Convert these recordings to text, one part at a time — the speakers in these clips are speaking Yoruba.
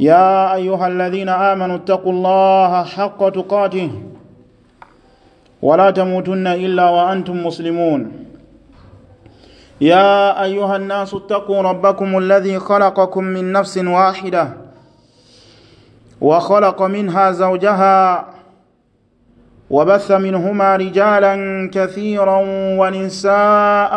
يا أيها الذين آمنوا اتقوا الله حق تقاته ولا تموتن إلا وأنتم مسلمون يا أيها الناس اتقوا ربكم الذي خلقكم من نفس واحدة وخلق منها زوجها وبث منهما رجالا كثيرا ونساءً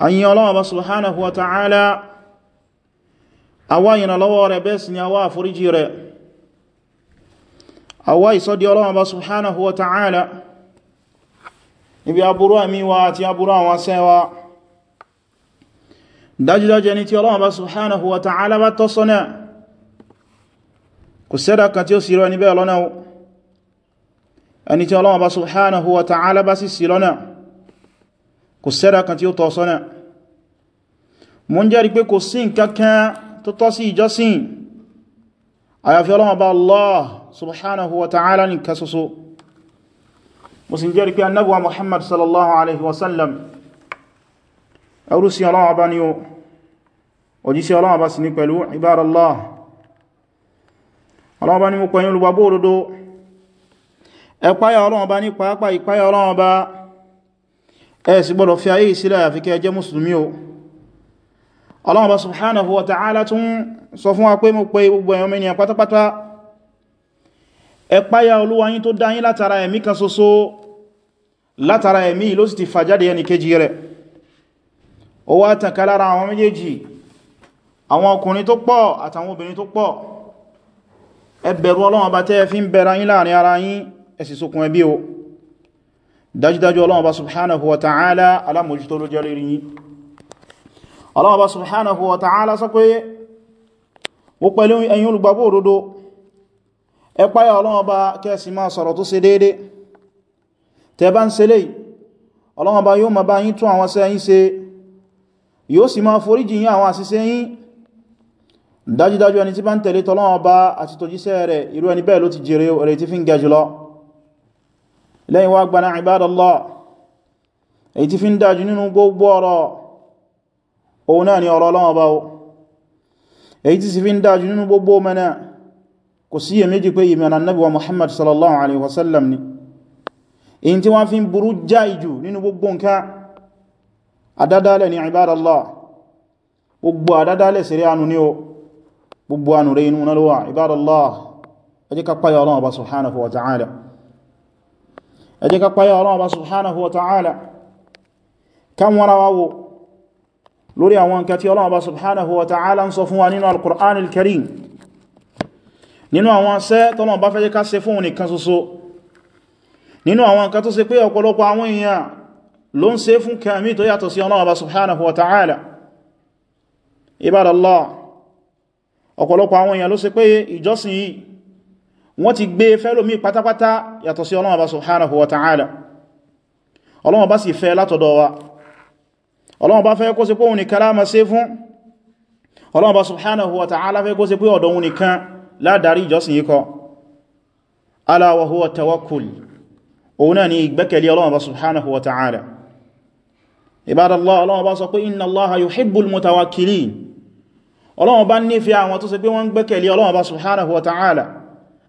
ayin Ọlọ́run Ọba subhanahu wa ta'ala àwa ìrànlọ́wọ́ rẹ̀ bẹ́ẹ̀ sì ni àwa àforíjì rẹ̀ àwa ìsọ́dí Ọlọ́run Ọba subhanahu wa ta'ala níbi aburú àmìwá àti aburú àwọn sẹ́wà dájúdájú ẹni tí Ọlọ́run Ọba subhanahu wa ta'ala bá tọ́ kò sẹ́ra kan tí ó tọ́ sọ́nà mo ń jẹ́rìí pé kò sí nǹkankan tó tọ́ sí ìjọsìn àyàfi Ọlọ́hun Ọba Allah subhanahu wa ta'ala nìkan ṣoṣo mo sì ń jẹ́rìí pé annabuwa Muhammad sallallahu alaihi wasallam ẹrú sí Ọlọ́hun Ọba ni ó òjíṣẹ́ Ọlọ́hun Ọba sì ní pẹ̀lú ibadallah Ọlọ́hun Ọba ni mo pẹ̀yìn olùgbàgbọ́ òdodo ẹ páyà Ọlọ́hun ní pàápàá ìpáyà Ọlọ́hun Ọba ẹ sì gbọ́dọ̀ fi ayé ìsílẹ̀ àfi kẹ́ jẹ́ mùsùlùmí o Allah bá subhanahu wa ta'ala tún sọ fún wa pé mo pé gbogbo ẹ̀yọ́ mẹ́niyàn pátápátá ẹ páyà Olúwa yín tó dá yín látara ẹ̀mí kan ṣoṣo látara ẹ̀mí ló sì ti fàjáde ẹni kejì rẹ̀ ó wá tànkà lára àwọn méjèèjì àwọn ọkùnrin bá tẹ́ fi ń bẹ̀ra yín láàrin ara yín ẹ ẹbí o dájúdájú Ọlọ́run Ọba subhanahu wa ta'ala alámòjútó ló jẹ́ lérí yìí Ọlọ́run Ọba subhanahu wa ta'ala sọ pé ó pẹ̀lú ẹ̀yin olùgbàgbọ́ òdodo ẹ páyà Ọlọ́run Ọba kẹ́sì máa sọ̀rọ̀ tó ṣe déédé tẹ́ bá ń ṣe ẹni tí bá ń tẹ̀lé tỌlọ́run Ọba àti tòjíṣẹ́ rẹ̀ irú ẹni bẹ́ẹ̀ ló ti jèrè rẹ̀ tí fi ń gẹ lẹ́yìn wá gbaná ibadallah èyí tí fi ń dájú nínú gbogbo ọ̀rọ̀ òun náà ni ọ̀rọ̀ Ọlọ́run bá èyí tí sì fi ń dájú nínú gbogbo mẹ́nà kò sí è méjì pé ìmẹ́nà Ànábì wa Muhammad sallallahu alaihi wasallam ni èyí tí wọ́n fi ń burú jáìjù nínú gbogbo nǹkan àdádálẹ̀ ni ibadallah gbogbo ẹ jẹ́ ká páyà Ọlọ́run bá subhanahu wa ta'ala ká wọ́n wa wò lórí àwọn nǹkan tí Ọlọ́run bá subhanahu wa ta'ala ń sọ fún wa nínú al-Qur'an al-Karim nínú àwọn sẹ́ tọ́lọ̀ bá fẹ́ jẹ́ ká ṣe fún nìkan ṣoṣo nínú àwọn nǹkan tó ṣe wọ́n ti gbé fẹ́lómi pátápátá yàtọ̀ sí Ọlọ́run Ọba subhanahu wa ta'ala Ọlọ́run Ọba sì fẹ́ látọ̀dọ̀ wa Ọlọ́run Ọba fẹ́ kó ṣe pé òun nìkan láàmà sí fún Ọlọ́run Ọba subhanahu wa fẹ́ kó ṣe pé ọ̀dọ̀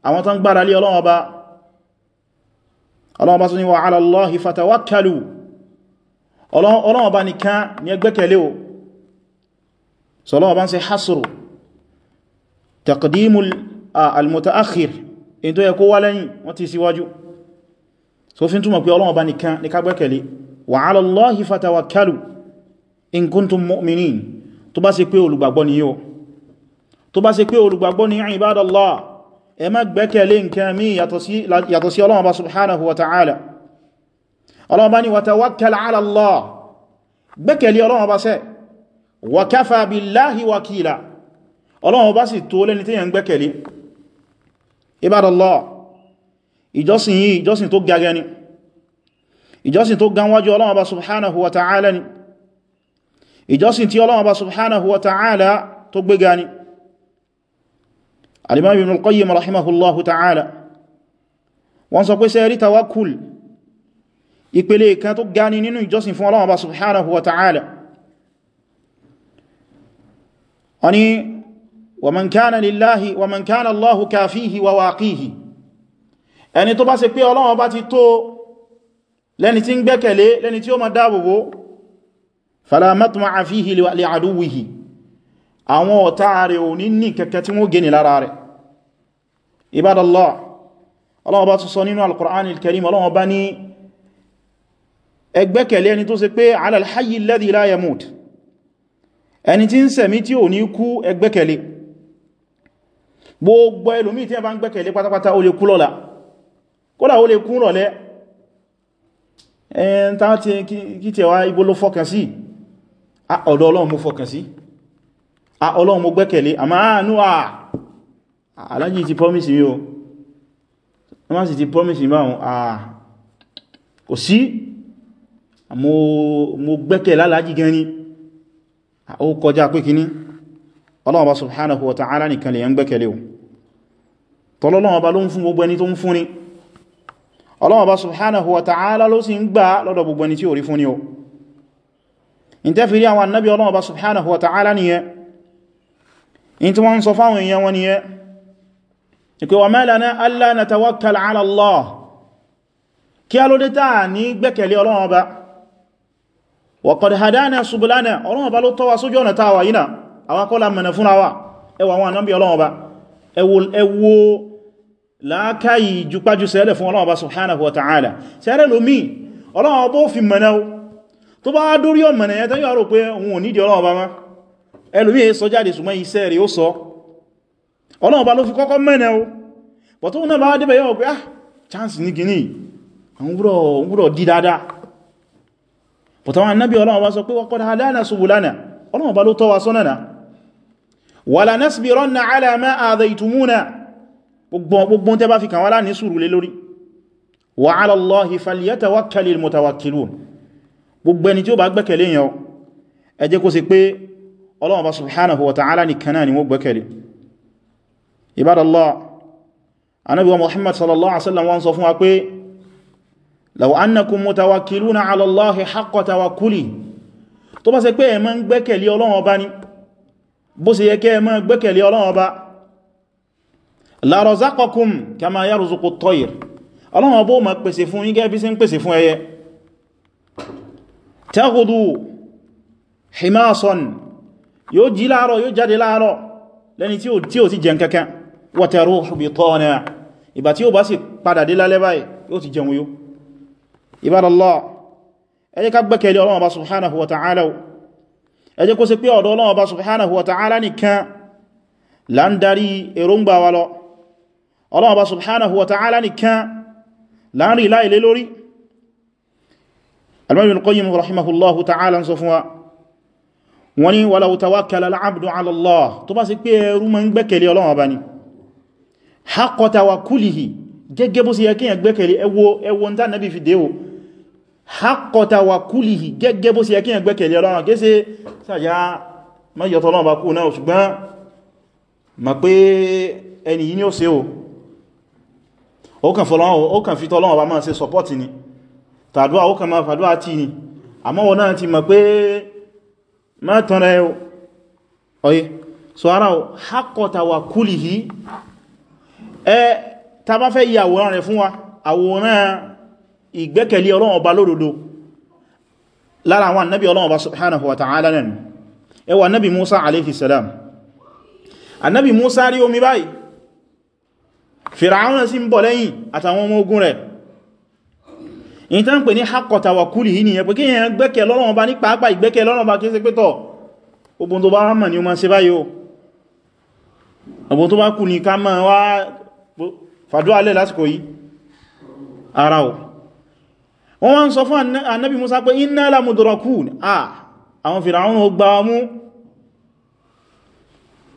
àwọn tán gbára lé Ọlọ́run Ọba Ọlọ́run Ọba tún ní wa ala Allahi fatawakkalu Ọlọ́run Ọba nìkan ni ẹ gbẹ́kẹ̀lé o so Ọlọ́run Ọba ń ṣe hasru taqdimul al-mutaakhir in tó yẹ kó wá lẹ́yìn wọ́n ti síwájú so fi túnmọ̀ pé Ọlọ́run Ọba nìkan ni ká gbẹ́kẹ̀lé wa ala Allahi fatawakkalu in kuntum mu'minin tó bá ṣe pé olùgbàgbọ́ ni yíò tó bá ṣe pé olùgbàgbọ́ ni ibadallah ẹ má gbẹ́kẹ̀lé nǹkan mí yàtọ̀ sí ọlọ́wọ́ bá subhanahu wa ta'ala ọlọ́wọ́ bá ní wa tawakkal ala Allah gbẹ́kẹ̀lé ọlọ́wọ́ bá sẹ́ wa kafa billahi wakila ọlọ́wọ́ bá sì tó lẹ́ni tí yẹn gbẹ́kẹ̀lé ibadallah ìjọsìn yìí ìjọsìn tó gagẹ́ ni al-Imam Ibn al-Qayyim rahimahullahu ta'ala wọ́n sọ pé sẹ́rí tawakkul ìpele kan tó gani nínú ìjọsìn fún Ọlọ́run Ọba subhanahu wa ta'ala wani wa man kana lillahi wa man kana Allahu kafihi wa waqihi ẹni tó bá ṣe pé Ọlọ́run Ọba ti tó lẹ́ni tí ń gbẹ́kẹ̀lé lẹ́ni tí ma dáàbòbò fala matma'a fihi li aduwihi àwọn ọ̀tá rẹ̀ ò ní ní kẹkẹ tí wọ́n gẹ́ni lára Ibadallah Allah bá sọ nínú al-Qur'an al-Karim Allah bá ní ẹgbẹ́kẹ̀lé ẹni tó ṣe pé ala al-hayy alladhi la yamut ẹni tí ń sẹ̀mí tí ò ní kú ẹgbẹ́kẹ̀lé gbogbo ẹlòmí tí ẹ bá ń gbẹ́kẹ̀lé pátápátá ó lè kú lọ́la kódà ó lè kú alájì ti promise mi o wọ́n má sì ti promise mi báwọn àà kò sí mo gbẹ́kẹ̀ lálájì gan ni ó kọjá pé kíní Ọlọ́run Ọba subhanahu wa ta'ala nìkan lè yẹn gbẹ́kẹ̀lé o in tẹ́ fi rí àwọn annabi Ọlọ́run subhanahu wa ta'ala nìyẹn in tí wọ́n ń sọ fáwọn èèyàn wọn ìpé wà mẹ́lẹ̀ná allá na tawakkal ala Allah kí a ló dé táà ní gbẹ́kẹ̀lé ọlọ́run ọba wa qad hadana subulana ọlọ́run ọba ló tọ́ wa sójú ọ̀nà táwà yína àwọn akọ́lá mẹ́nà fúnra wa ẹwà wọn anábí ọlọ́run ọba ẹwọ láákàyì jùpájú sẹ́lẹ̀ fún ọlọ́run ọba subhanahu wa ta'ala sẹ́rẹ̀ lómi ọlọ́run ọba ó ọlọ́run bá ló fi kọ́kọ́ mẹ́nẹ̀ o bọ̀ tó náà bá débẹ̀ yọ́ pé ah chance ní gini ọ̀húnrọ̀ dí dáadáa bọ̀ tàwọn annabi ọlọ́run bá sọ pé waqad hadana subulana ọlọ́run bá ló tọ́ wa sọ́nà wala nasbiranna ala ma adhaytumuna gbogbo tẹ́ bá fi kàn wá láà ní sùúrù lé lórí wa ala Allahi subhanahu wa ta'ala nìkan náà ni wọ́n ibadallah Ànábì wa Muhammad sallallahu alaihi wasallam wọ́n sọ fún wa pé law annakum mutawakkiluna ala Allahi haqqa tawakkuli tó bá ṣe pé ẹ máa ń gbẹ́kẹ̀lé Ọlọ́run Ọba ni bó ṣe yẹ kẹ́ ẹ máa gbẹ́kẹ̀lé Ọlọ́run Ọba la razaqakum kama yarzuqu at-tayr Ọlọ́run Ọba ó máa pèsè fún yín gẹ́bí wataruhu bitana ìgbà tí ó bá sì padà dé lálẹ́ báyìí yóò ti jẹun yó ibadallah ẹ jẹ́ ká gbẹ́kẹ̀lé Ọlọ́run bá subhanahu wa ta'ala ẹ jẹ́ kó ṣe pé ọ̀dọ̀ Ọlọ́run bá subhanahu wa ta'ala nìkan la ń darí èròǹgbà wa lọ Ọlọ́run bá subhanahu wa ta'ala nìkan la ń rí wọ́n ni walau tawakkala al tó bá sì pé ẹrú ma ń gbẹ́kẹ̀lé Ọlọ́run bá ni haqqa tawakkulihi gẹ́gẹ́ bó sì yẹ kíyàn gbẹ́kẹ̀lé ẹwọ ẹwọ ń tánàbí fi dé o haqqa tawakkulihi gẹ́gẹ́ bó sì yẹ kíyàn gbẹ́kẹ̀lé Ọlọ́run kéèsẹ́ sàyà mẹ́yọ̀tọ̀ náà bá kú náà ṣùgbọ́n ma pé ẹni yìí ni ó ṣe o ó kàn fi tọ́lọ́wọ́ bá máa ṣe sọpọ́tì ni tàdúwà ẹ ta bá fẹ́ yí àwòrán rẹ̀ fún wa àwòrán ìgbẹ́kẹ̀lé Ọlọ́run Ọba lódodo lára àwọn annabi Ọlọ́run Ọba subhanahu wa ta'ala nanu ẹ wá annabi Musa alayhi salam annabi Musa rí omi báyìí Fir'aun sì ń bọ̀ lẹ́yìn àtàwọn ọmọ ogun rẹ̀ in pè ní haqqo tawakkuli yìí nìyẹn pé kí èyàn gbẹ́kẹ̀ lọ́lọ́run Ọba ní pàápàá ìgbẹ́kẹ̀ Ọlọ́run Ọba kí ń ṣe pé tọ̀ ogun tó bá rámà ni ó máa ṣe báyìí ogun tó bá kù ní ká máa wá fàdúwà alẹ́ lásìkò yìí ara ò wọ́n wá ń sọ fún annabi musa pé inna la mudrakun à àwọn fìràún ó gbá mú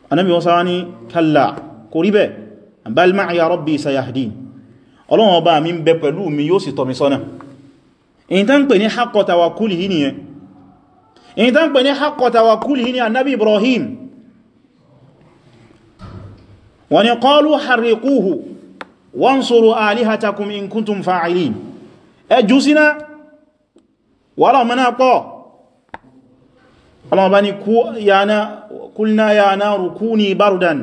annabi musa ní kalla kò rí bẹ́ bal ma'iya rabbi ọlọ́wọ́n ọba mi ń bẹ pẹ̀lú mi yóò sì tọ́ sọ́nà wọ́n ni qalu harriquhu wansuru alihatakum in kuntum fa'ilin ẹjú síná wọ́la mọ́ná pọ̀ ọlọ́mọba ni kúlná ya na rukuni barudan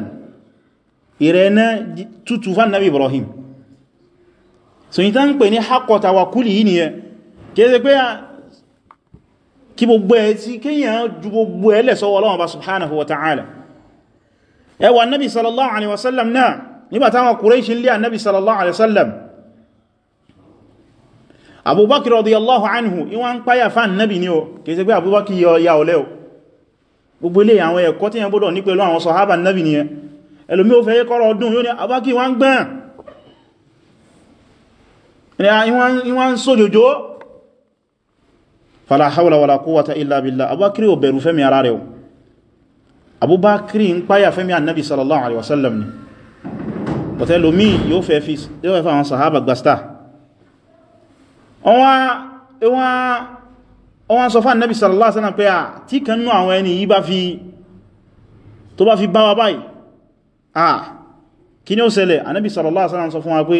ìrẹ́nà tutù fan nabi ibrahim so yí ta ń pè ní hakọta wa kúlì yí niyẹ kéèsẹ̀ pé kí gbogbo ẹ̀ tí kíyàn ju gbogbo ẹ̀ lẹ́sọ́wọ́ subhanahu wa ta'ala ẹwà nabi sallallahu alaihi wasallam náà nígbàtí àwọn Quraysh lé annabi sallallahu alaihi wasallam abubakir radiyallahu anhu iwa ń páyà fán nabi ni o kìí ṣe pé abubakir yọ ya olẹ́ o gbogbo ilé àwọn ẹ̀kọ́ tí yẹn gbọ́dọ̀ ní pẹ̀lú àwọn sọ̀hábà nabi ni ẹ ẹlòmí ó fẹ́ yẹ́ kọ́rọ̀ ọdún yóò ní abubakir wọ́n gbẹ́n ìwọ́n ń sójòjò fala hawla wala quwwata illa billah abubakir ò bẹ̀rù fẹ́mi ara rẹ̀ o abubakir ń páyà bọ̀tẹ́lómí yóò fẹ́ fi àwọn sàhábà gbàstà wọ́n sọ fún Nábì sallallahu alaihi wasallam pé à tí kan nú àwọn ẹni yí bá fi tó bá fi bá wa báyìí à kí ni ó ṣẹlẹ̀ Ànábì sallallahu alaihi sọ fún wa pé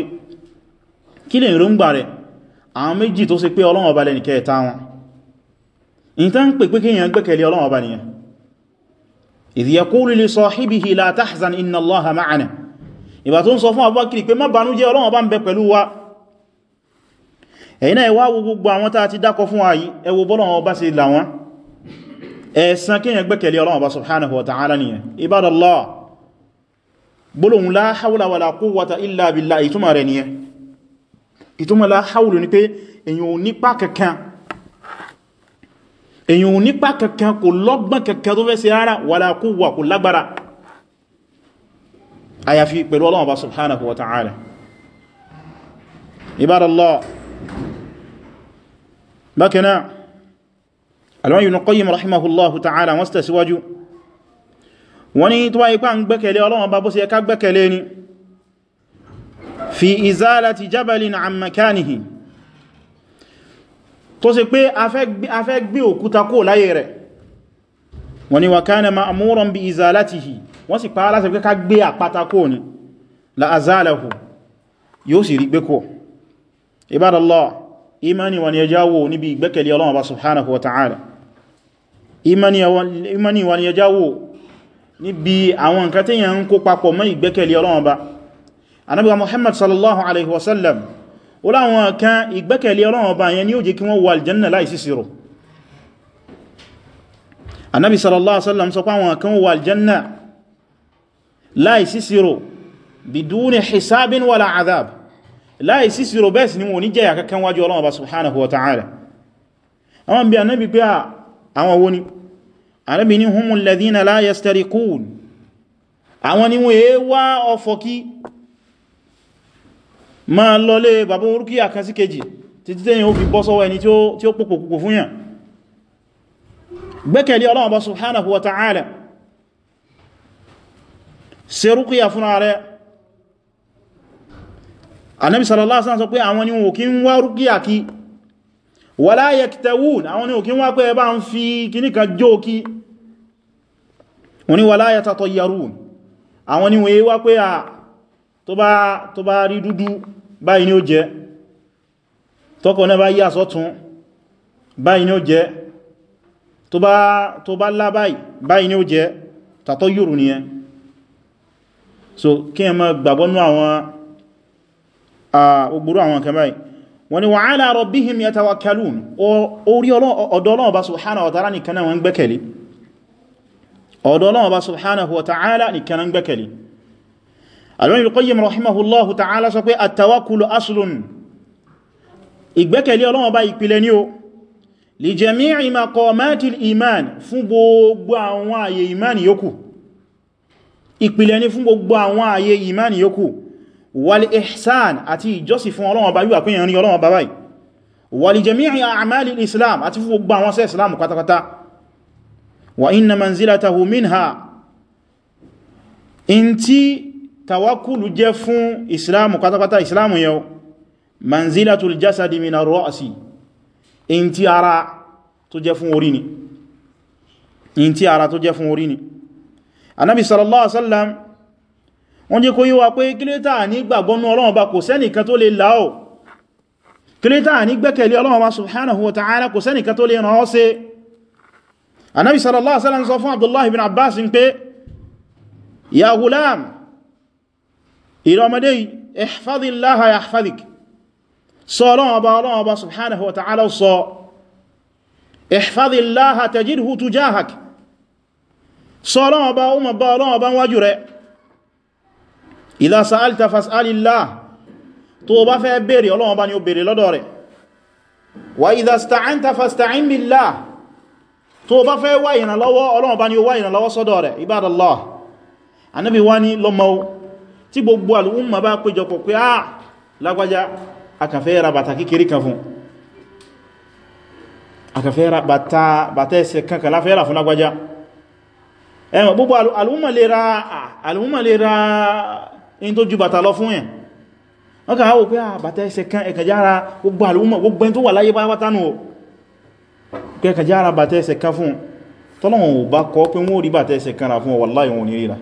kí lè rúngbà rẹ̀ àwọn méjì tó ṣe pé Ọlọ́run Ọba lẹ́ni ìgbà tó ń sọ fún Abubakar pé má banújẹ́ Ọlọ́run bá ń bẹ pẹ̀lú wa ẹ̀yin náà ẹ wá wo gbogbo àwọn tá a ti dákọ fún wa yìí ẹ wo bọ́lọ́run ọba ṣe là wọ́n ẹ̀san kíyàn gbẹ́kẹ̀lé Ọlọ́run ọba subhanahu wa ta'ala nìyẹn ibadallah gbólóhùn la hawla wala quwwata illa billah ìtumọ̀ rẹ̀ àyàfi pẹ̀lú Ọlọ́run Ọba subhanahu wa ta'ala ibadallah bákanáà Al-Imam Ibn Qayyim rahimahullahu ta'ala wọ́n tẹ̀síwájú wọ́n ní tó wáyé pàá ń gbẹ́kẹ̀lé Ọlọ́run Ọba bó ṣe ká gbẹ́kẹ̀lé ni fi izalati jabalin an makanihi tó ṣe a fẹ́ gbé òkúta kó láyé rẹ̀ wọ́n ní wa kana ma'muran bi izalatihi wọ́n sì pa aláṣẹ pé ká gbé àpáta kó ní láàzálẹ̀kù yóò sì rí gbé kó ibadallah imani wa ni ya jáwó níbi ìgbẹ́kẹ̀lé Ọlọ́run Ọba subhanahu wa ta'ala imani wa ni ya jáwó níbi àwọn nǹkan tí yẹn ń kó papọ̀ mọ́ ìgbẹ́kẹ̀lé Ọlọ́run Ọba anábíwa Muhammad sallallahu alaihi wasallam ó láwọn kan ìgbẹ́kẹ̀lé Ọlọ́run Ọba sọ pé àwọn kan aljanna láì sísirò bidúni hisabin wala azab láì sísirò bẹ́ẹ̀ sí ni wọ́n ní jẹ́ àkẹ́kẹ́ wájú ọlọ́wọ́ bá subhanahu wa ta'ala àwọn bí anábi pé àwọn woni anábi ni humul ladhina la yastariqun àwọn ni wọ́n yẹ wá ọfọ́ kí ma lọlé bàbá orúkí àkánsí kejì títí tẹ́yìn ó fi bọ́ sọ́wọ́ ẹni tí ó pòpò púpò fún yàn gbẹ́kẹ̀lé ọlọ́wọ́ bá subhanahu wa ta'ala ṣe rúkúyà fún ààrẹ anábi sallallahu alaihi wasallam sọ pé àwọn ni wọn kí ń wá rúkúyà kí wala yaktawun àwọn ni wọn kí ń wá pé ẹbá ń fi kìníkan jó kí wọn ni wala yatatayyarun àwọn ni wọ́n yí wá pé à tó bá rí dúdú báyìí ni ó jẹ tọ́kọ̀ bá yí báyìí ni ó jẹ tó bá ni ó so kí ẹ ma gbàgbọ́nú àwọn ogbúrú àwọn kan báyìí wọ́n ni wa ala rabbihim yatawakkalun orí ọ̀dọ̀ Ọlọ́run Ọba subhanahu wa ta'ala nìkan náà wọ́n gbẹ́kẹ̀lé ọ̀dọ̀ Ọlọ́run Ọba subhanahu wa ta'ala nìkan náà gbẹ́kẹ̀lé Ibn Qayyim rahimahullahu ta'ala sọ pé at-tawakkulu aslun ìgbẹ́kẹ̀lé Ọlọ́run Ọba ni ó li jami'i maqamatil iman fún gbogbo àwọn àyè iman yòókù ìpìlẹ̀ ní fún gbogbo àwọn ààyè ìmáni yòókù wal ihsan àti ìjọsí fún Ọlọ́run bá yíwà pín ìrìn Ọlọ́run bá báyìí wal jami'i a'malil islam àti fún gbogbo àwọn sẹ́ islam pátápátá wa inna manzilatahu minha in ti tawakulu jẹ́ fún islam pátápátá islam yau manzilatul jasadi min ar-ra'si in ti in ti ara tó jẹ́ fún orí ni anábi sallallahu alaihi wasallam wọ́n jẹ́ kó yíwa pé kílétà ní gbàgbọ́nú ọlọ́run bá kò sẹ́nìkan tó lè láò kílétà ní gbẹ́kẹ̀lé ọlọ́run bá subhanahu wa ta'ala kò sẹ́nìkan tó lè ràn ọ́ sí anábi sallallahu alaihi wasallam sọ fún abdullahi bin abbas ń pé ya gulam ìrọmọdé ihfazillaha sọ ọlọ́run ọba ó ma bá ọlọ́run ọba wájú rẹ̀ ìlàsà altafas alìlá tó bá fẹ́ bèèrè ọlọ́run ọba ni ó bèèrè lọ́dọ̀ rẹ̀ wà ìdàsta'in tafasta'in billah tó bá fẹ́ wá ìrànlọ́wọ́ ọlọ́run ọba ni ó wá ìrànlọ́wọ́ sọ́dọ̀ rẹ̀ ah, ra bàtà ẹsẹ̀ kankan láfẹ́ ra fún lágbájá ẹmọ̀ gbogbo alùmọ̀ lè ra in tó ju bàtà lọ fún ẹ̀ wọ́n kà áwò pé à bàtà ẹsẹ̀ kan ẹ̀kàjára gbogbo alùmọ̀ gbogbo ẹn tó wà láyé bá wátánù pé ẹ̀kàjára bàtà ẹsẹ̀ kan fún tọ́lọ̀wọ̀n ò bá kọ́ pé wọ́n rí bàtà ẹsẹ̀ kan rà fún wallahi wọn ní ríra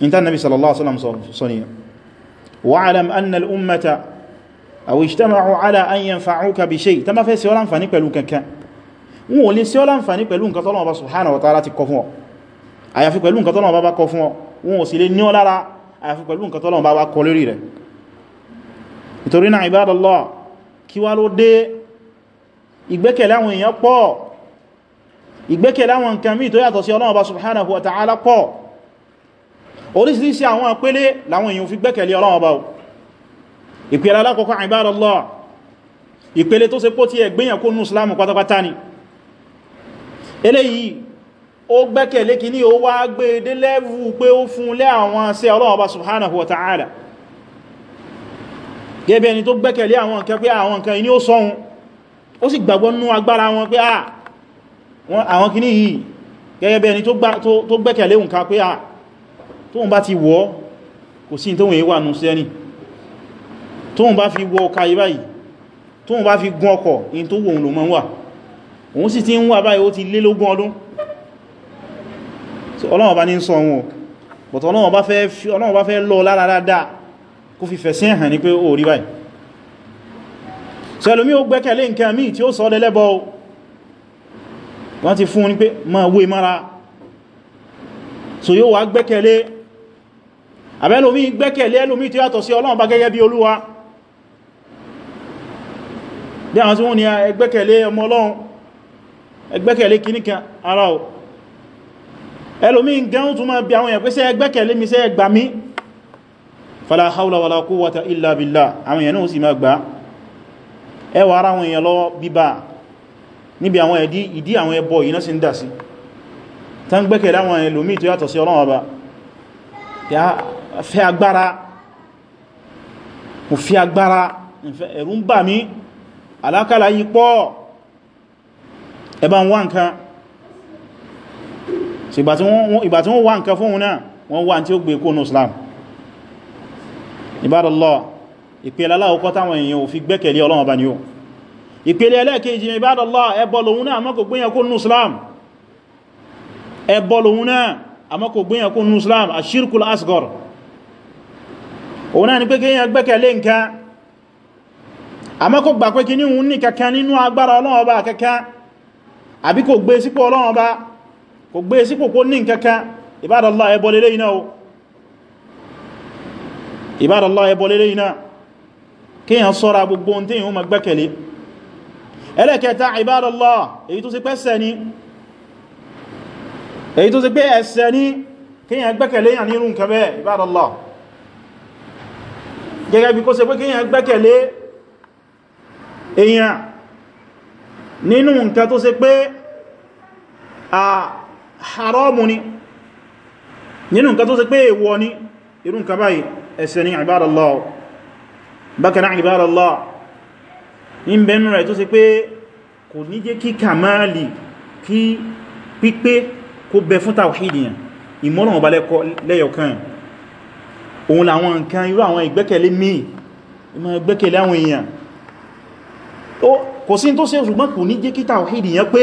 inta nabi sallallahu alaihi wasallam sọ ni wa'lam anna al-ummata aw ijtama'u ala ò lè sí ọlá ń fà ní pẹ̀lú nǹkan tọ́lọ̀wọ̀n bá subhanahu wa ta'ala ti kọ fún ọ àyàfi pẹ̀lú nǹkan tọ́lọ̀ bá kọ fún ọ wọn ò sì lè ní ọ lára àyàfi pẹ̀lú nǹkan tọ́lọ̀ bá kọ lórí rẹ̀ nítorí náà ibadallah kí wá ló dé ìgbẹ́kẹ̀lé àwọn èèyàn pọ̀ ìgbẹ́kẹ̀lé àwọn nǹkan míì tó yàtọ̀ sí Ọlọ́run bá subhanahu wa ta'ala pọ̀ oríṣiríṣi àwọn àpẹẹlẹ làwọn èèyàn fi gbẹ́kẹ̀lé eléyìí ó gbẹ́kẹ̀lé kìíní ó wá gbé e dé lẹ́wù pé ó fún lé àwọn sí Ọlọ́run Ọba subhanahu wa ta'ala gẹ́bẹ̀ ẹni tó gbẹ́kẹ̀lé àwọn nǹkan pé àwọn nǹkan iní ó sọ́hun ó sì gbàgbọ́ nú agbára wọn pé ah, àwọn kìíní yìí gẹ́gẹ́ bí ẹni tó gbẹ́kẹ̀lé nǹkan pé à ah, tóun bá ti wọ́ kò sí tóun èé wà nù sí ẹni ọlọ́wọ́ bá ní sọ wọn but ọlọ́wọ́ bá fẹ́ lọ lára dáadáa kó fi fẹ̀sí hàn ní pé ó rí báyìí so ẹlòmí ó gbẹ́kẹ̀lé nǹkan míì tí ó sọ lẹ́lẹ́bọ wọ́n ti fún ní pé ma wé mara so yóò wá gbẹ́kẹ̀lé àbẹ́lòmí gbẹ́kẹ̀lé ẹlòmí tí yàtọ̀ sí ọlọ́wọ́ bá gẹ́gẹ́ bí olúwa bí àwọn tí wọ́n ni ẹgbẹ́kẹ̀lé ọmọ ọlọ́run ẹgbẹ́kẹ̀lé kìníkan ara ọ̀ ẹlòmí gẹun tún máa bí àwọn èèyàn pé ṣé ẹ gbẹ́kẹ̀lé mi ṣé ẹ gbà mí fala hawla wala quwwata illa billah àwọn èèyàn náà sì máa gbà ẹwà ara àwọn èèyàn lọ bíbá níbi àwọn ìdí àwọn ẹbọ yìí sí tá ah, bà mí alákàlà yìí pọ̀ ẹ̀bá ń wá nǹkan so ìgbà tí wọ́n wá nǹkan fún náà wọ́n wá tí ó gbé kó ní Islam ìbádọ́lọ́ ìpele aláwọ̀kọ́ táwọn èèyàn ò fi gbẹ́kẹ̀lé Ọlọ́run bá ní ó ìpele ẹlẹ́ẹ̀kejì ìbádọ́lọ́ ẹbọ lòun náà àmọ́ kò gbéyàn kó ní Islam ẹbọ lòun náà àmọ́ kò gbéyàn kó ní Islam ashirkul asgore òun náà ni pé kíyàn gbẹ́kẹ̀lé nǹkan àmọ́ gbà pé kí ní òun ní kankan nínú agbára Ọlọ́run bá àbí kò gbé sípò Ọlọ́run kò gbé e sípò kó ní nǹkankan ìbádọ́lá ẹbọ lélé iná o ìbádọ́lá ẹbọ lélé iná kí yàn sọ́ra gbogbo ohun tí yàn ma gbẹ́kẹ̀lé ẹlẹ́kẹta ìbádọ́lá èyí tó sì pé ẹ̀ṣẹ̀ ni èyí tó sì pé ẹ̀ṣẹ̀ ni kí yàn gbẹ́kẹ̀lé yàn nínú nǹkan ìbádọ́lá gẹ́gẹ́ bí kó ṣe pé kí yàn gbẹ́kẹ̀lé èyàn nínú nǹkan tó ṣe pé a haramu ni nínú nǹkan tó ṣe pé èèwọ̀ ni irú nǹkan báyìí ẹ̀ṣẹ̀ ni ibadallah bákan náà ibadallah ní bẹ̀rẹ̀ rẹ̀ tó ṣe pé kò ní jẹ́ kí kàmáàlì kí pípé kó bẹ fún tàwíìdìyàn ìmọ́ràn ọba lẹ́yọkan òun làwọn nǹkan irú àwọn ìgbẹ́kẹ̀lé míì kò sí tó ṣe ṣùgbọ́n kò ní jẹ́ kí tàwíìdìyàn pé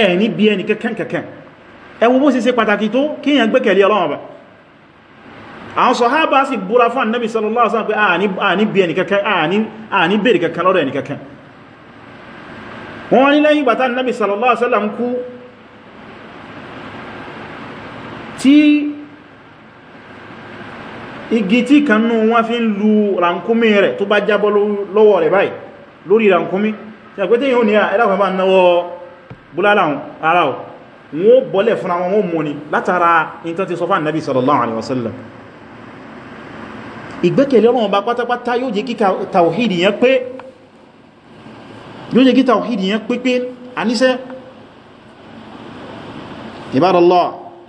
ẹ̀ ní bí ẹni kẹ́kẹ́kẹ́kẹ́ ẹ wo bó sì ṣe pàtàkì tó kíyàn gbẹ́kẹ̀lé Ọlọ́run Ọba àwọn sàhábà sì búra fún Ànábì sallallahu alaihi wasallam pé àní bí ẹni kẹ́kẹ́ àní bèèrè kẹ́kẹ́ lọ́dọ̀ ẹni kẹ́kẹ́ wọ́n ní lẹ́yìn ìgbà tí Ànábì sallallahu alaihi wasallam kú tí igi tí kanú wọ́n fi ń lu rànkúmí rẹ̀ tó bá bá náwọ́ búlálà ara ọ̀ wọ́n bọ́lẹ̀ fún àwọn wọn mọ́ni látara ìntàn ti sọ fún ànábì sallallahu alaihi wasallam ìgbẹ́kẹ̀lé Ọlọ́run bá pátápátá yóò jẹ́ kí tàwíìdì yẹn pé yóò jẹ́ kí tàwíìdì yẹn pé pé àníṣẹ́ ìbádọ́lọ́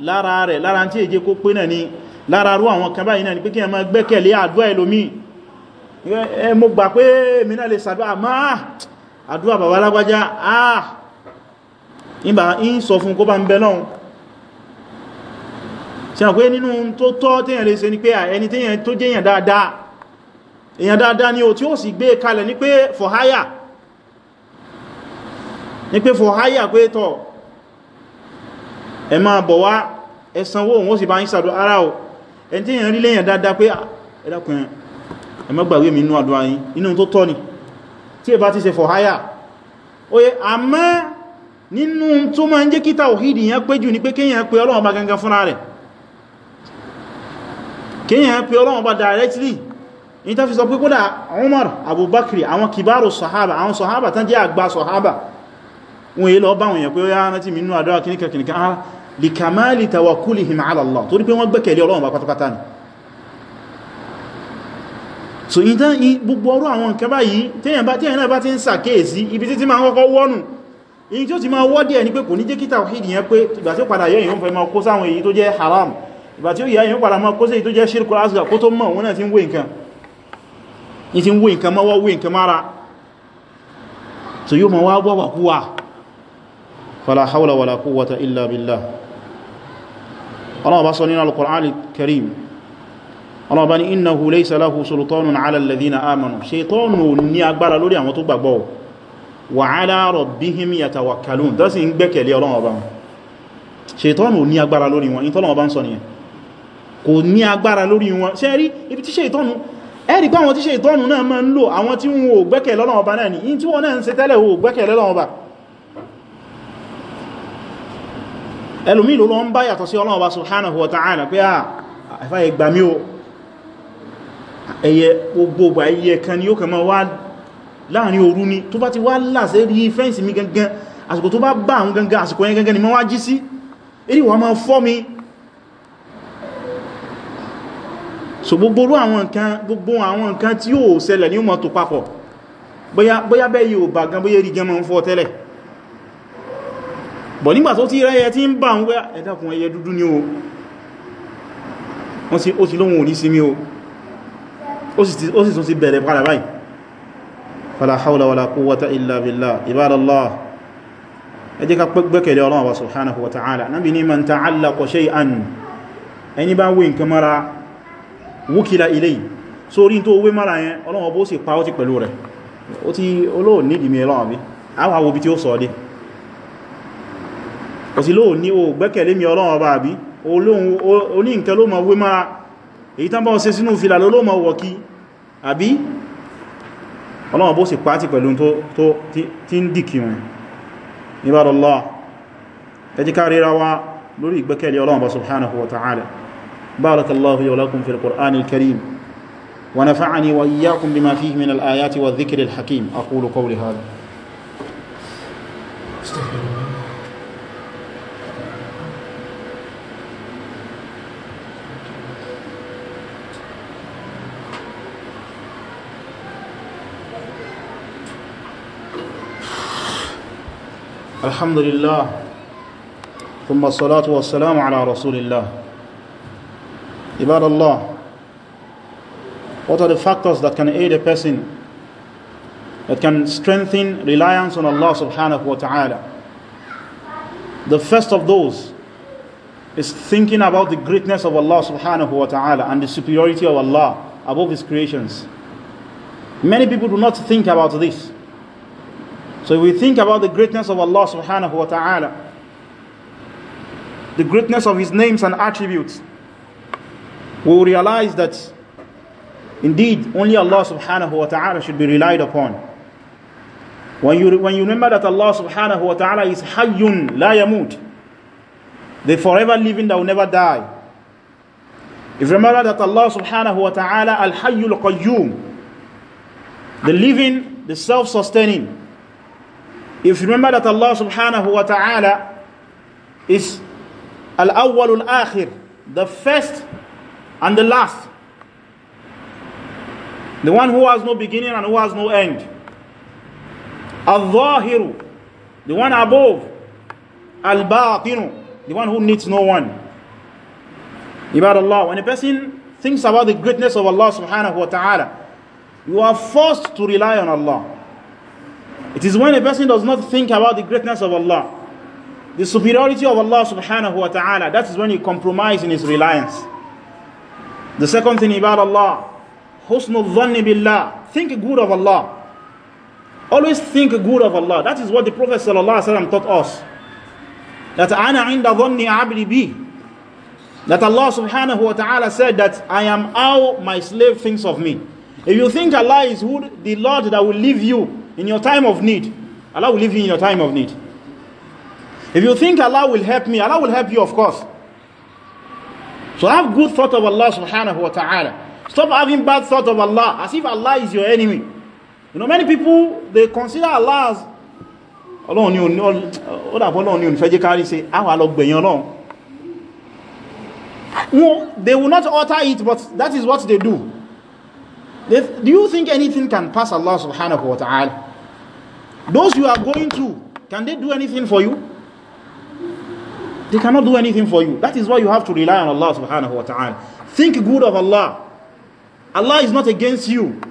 lára rẹ̀ lára tí èjé kó pé náà ni lára rú àwọn kan báyìí náà ni pé bàbá lágbájá ah ìbá in sọ fún kó bá ń bẹ lọ́hun ṣe àpé nínú tó tọ́ téèyàn lè ṣe ni pé ẹni téèyàn tó jẹ́yàn dáadáa èyàn dáadáa ni o tí ó sì gbé e kalẹ̀ ní pé for hire ní pé for hire pé tọ́ ẹ máa bọ̀ wá ẹsanwó òun ó sì bá ń sàdọ̀ ara o ẹni téèyàn rí léyàn dáadáa pé ẹ̀dàkùnrin ẹ má gbàgbé mi inú àdúrà yín inú tó tọ́ ni tí for hire ó yẹ nínú tó máa ń jẹ́ kí tàwhídì yẹn péjú ní pé kíyàn pé Ọlọ́run bá gangan fúnra rẹ̀ kíyàn pé Ọlọ́run bá directly ní tàfi sọ pé kódà Umar Abubakri àwọn kìbárò sọ̀hábà àwọn sọ̀hábà tán jẹ́ àgbà sọ̀hábà wọ́n yí lọ bá wọn yẹn pé ó yá rántí mi nínú àdọ́wà kìníkà kìníkà ara ah, lè kàmáàlì tawakkulihim ala Allah torí pé wọ́n gbẹ́kẹ̀lé Ọlọ́run èyí tí ó ti máa wọ́dí ẹ̀ ní pé kò ní jẹ́ kí tawhid yẹn pé ìgbà tí ó padà yẹ́ èyàn fẹ́ máa kó sáwọn èyí tó jẹ́ haram ìgbà tí ó yẹ́ èyàn padà máa kó sí èyí tó jẹ́ shirku asghar kó tó mọ̀ wọ́n náà ti ń wé nǹkan ní ti ń wé nǹkan mọ́wọ́ wé nǹkan mára so yóò máa wá bọ́ kúwà wa ala rabbihim yatawakkalun tó sì ń gbẹ́kẹ̀lé Ọlọ́run Ọba wọn ṣètọ́nù ò ní agbára lórí wọn ìtọ́lọ́wọ́ bá ń sọ nìyẹn kò ní agbára lórí wọn ṣe rí ibi tí ṣètọ́nù ẹ̀rí pé àwọn tí ṣètọ́nù náà máa ń lò àwọn tí wọn ò gbẹ́kẹ̀lé Ọlọ́run Ọba náà ni in tí wọ́n náà ń ṣe tẹ́lẹ̀ ò gbẹ́kẹ̀lé Ọlọ́run Ọba ẹlòmí ló lọ láàrin òru ni tó bá ti wá láàṣẹ́ rí fẹ́ǹsì mi gangan àsìkò tó bá bá àwọn gangan àsìkò yẹn gangan ni mọ́ wá jí sí eré wà máa fọ́ mi so gbogbo àwọn nǹkan gbogbo àwọn nǹkan tí yóò ṣẹlẹ̀ ní ọmọ tó papọ̀ bóyá bẹ́ yóò bà gan bóyá rí gan máa ń fọ́ tẹ́lẹ̀ bọ̀ nígbà tó ti rẹ́yẹ tí ń bà ń wẹ́ ẹ̀dàkùn ẹyẹ dúdú ni o wọ́n sì ó ti lóhun ò ní sinmi o ó sì tún ti bẹ̀rẹ̀ padà báyìí fala hawla wala quwwata illa billah ibadallah ẹ jẹ́ ká gbẹ́kẹ̀lé Ọlọ́run wa subhanahu wa ta'ala nabi ni man ta'allaqa shay'an ẹni bá wé nǹkan mara wukila ilay sórí tó wé mara yẹn Ọlọ́run bó sì pa ó ti pẹ̀lú rẹ̀ ó ti olóò ní ìdìmí Ọlọ́run bí àwọn àwọn obi tí ó sọ dé ó sì lóò ní o gbẹ́kẹ̀lé mi Ọlọ́run bá bí olóhun oní nǹkan ló ma wé mara èyí tán bá ọ ṣe sínú fìlà ló ló ma wọ̀ kí àbí ọlọ́wọ́ bó sì pàtí pẹ̀lú tó tí ń dìkì wọn ibadallá ẹjíká ríra wá lórí ìgbẹ́kẹ̀lẹ̀ ọlọ́wọ́ subhanahu wa ta'ala barakallahu wa lakum fil qur'an al-karim wa nafa'ani wa iyyakum bima fihi min al-ayati wa dhikri al-hakim aqulu qawli hadha الحمد لله ثم الصلاة والسلام على رسول الله عباد Allah what are the factors that can aid a person that can strengthen reliance on Allah subhanahu wa ta'ala the first of those is thinking about the greatness of Allah subhanahu wa ta'ala and the superiority of Allah above his creations many people do not think about this so we think about the greatness of Allah subhanahu wa ta'ala, the greatness of His names and attributes, we will realize that indeed only Allah subhanahu wa ta'ala should be relied upon. When you, when you remember that Allah subhanahu wa ta'ala is hayyun la yamut, the forever living that will never die. If you remember that Allah subhanahu wa ta'ala al hayyul qayyum, the living, the self-sustaining, if you remember that Allah subhanahu wa ta'ala is al-awwal al-akhir, the first and the last. The one who has no beginning and who has no end. Al-Zahiru, the one above. Al-Batinu, the one who needs no one. Ibad Allah, when a person thinks about the greatness of Allah subhanahu wa ta'ala, you are forced to rely on Allah. It is when a person does not think about the greatness of Allah, the superiority of Allah subhanahu wa ta'ala, that is when he compromises in his reliance. The second thing about Allah, husnul dhanni billah, think good of Allah. Always think good of Allah. That is what the Prophet sallallahu alaihi wasallam taught us. That ana inda dhanni abdi bi. That Allah subhanahu wa ta'ala said that I am how my slave thinks of me. If you think Allah is who the Lord that will leave you, in your time of need. Allah will leave you in your time of need. If you think Allah will help me, Allah will help you, of course. So have good thought of Allah subhanahu wa ta'ala. Stop having bad thought of Allah as if Allah is your enemy. You know, many people, they consider Allah as Ọlọ́run ni òní ọdàpọ̀ Ọlọ́run ni ònífẹ́jẹ́ kárí sí àwọn alọ́gbẹ̀yàn Ọlọ́run. No, they will not utter it, but that is what they do. They, do you think anything can pass Allah subhanahu wa ta'ala? Those you are going through, can they do anything for you? They cannot do anything for you. That is why you have to rely on Allah subhanahu wa ta'ala. Think good of Allah. Allah is not against you.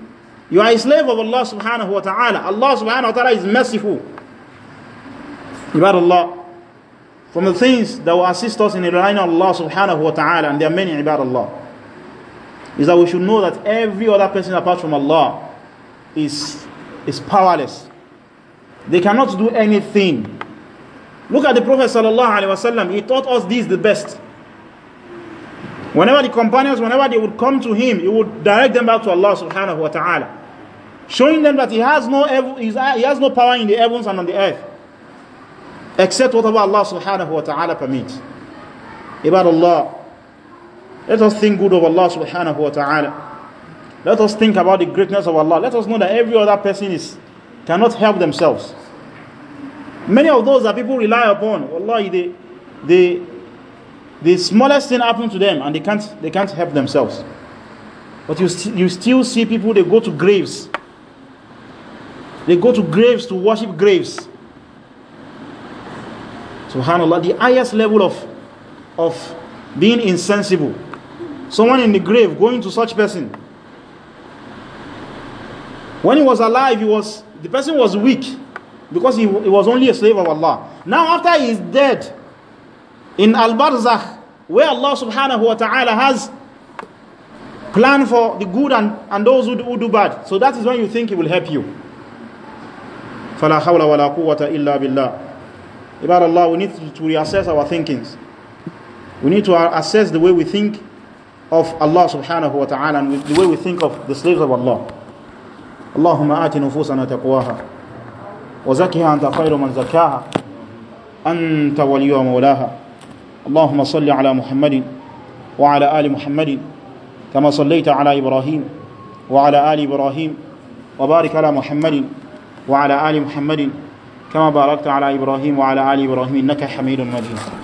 You are a slave of Allah subhanahu wa ta'ala. Allah subhanahu wa ta'ala is merciful. About Allah. From the things that will assist us in relying on Allah subhanahu wa ta'ala, and there are many about Allah, is that we should know that every other person apart from Allah is, is powerless they cannot do anything. Look at the Prophet sallallahu alaihi wasallam. He taught us this the best. Whenever the companions, whenever they would come to him, he would direct them back to Allah subhanahu wa ta'ala. Showing them that he has, no, uh, he has no power in the heavens and on the earth. Except whatever Allah subhanahu wa ta'ala permits. About Allah. Let us think good of Allah subhanahu wa ta'ala. Let us think about the greatness of Allah. Let us know that every other person is cannot help themselves. Many of those that people rely upon, Allah, they, they, the smallest thing happens to them and they can't, they can't help themselves. But you, st you still see people, they go to graves. They go to graves to worship graves. Subhanallah, the highest level of, of being insensible. Someone in the grave going to such person. When he was alive, he was the person was weak because he, he was only a slave of Allah. Now after he is dead, in Al-Barzakh, where Allah subhanahu wa ta'ala has planned for the good and, and those who do, who do bad. So that is when you think he will help you. فَلَا حَوْلَ وَلَا قُوَّةَ إِلَّا بِاللَّهِ About Allah, we need to reassess our thinkings. We need to assess the way we think of Allah subhanahu wa ta'ala and the way we think of the slaves of Allah. اللهم آت نفوسنا تقواها وزكها أنت خير من زكاها أنت ولي ومولاها اللهم صل على محمد وعلى آل محمد كما صليت على إبراهيم وعلى آل إبراهيم وبارك على محمد وعلى آل محمد كما باركت على إبراهيم وعلى آل إبراهيم إنك حميد مجيد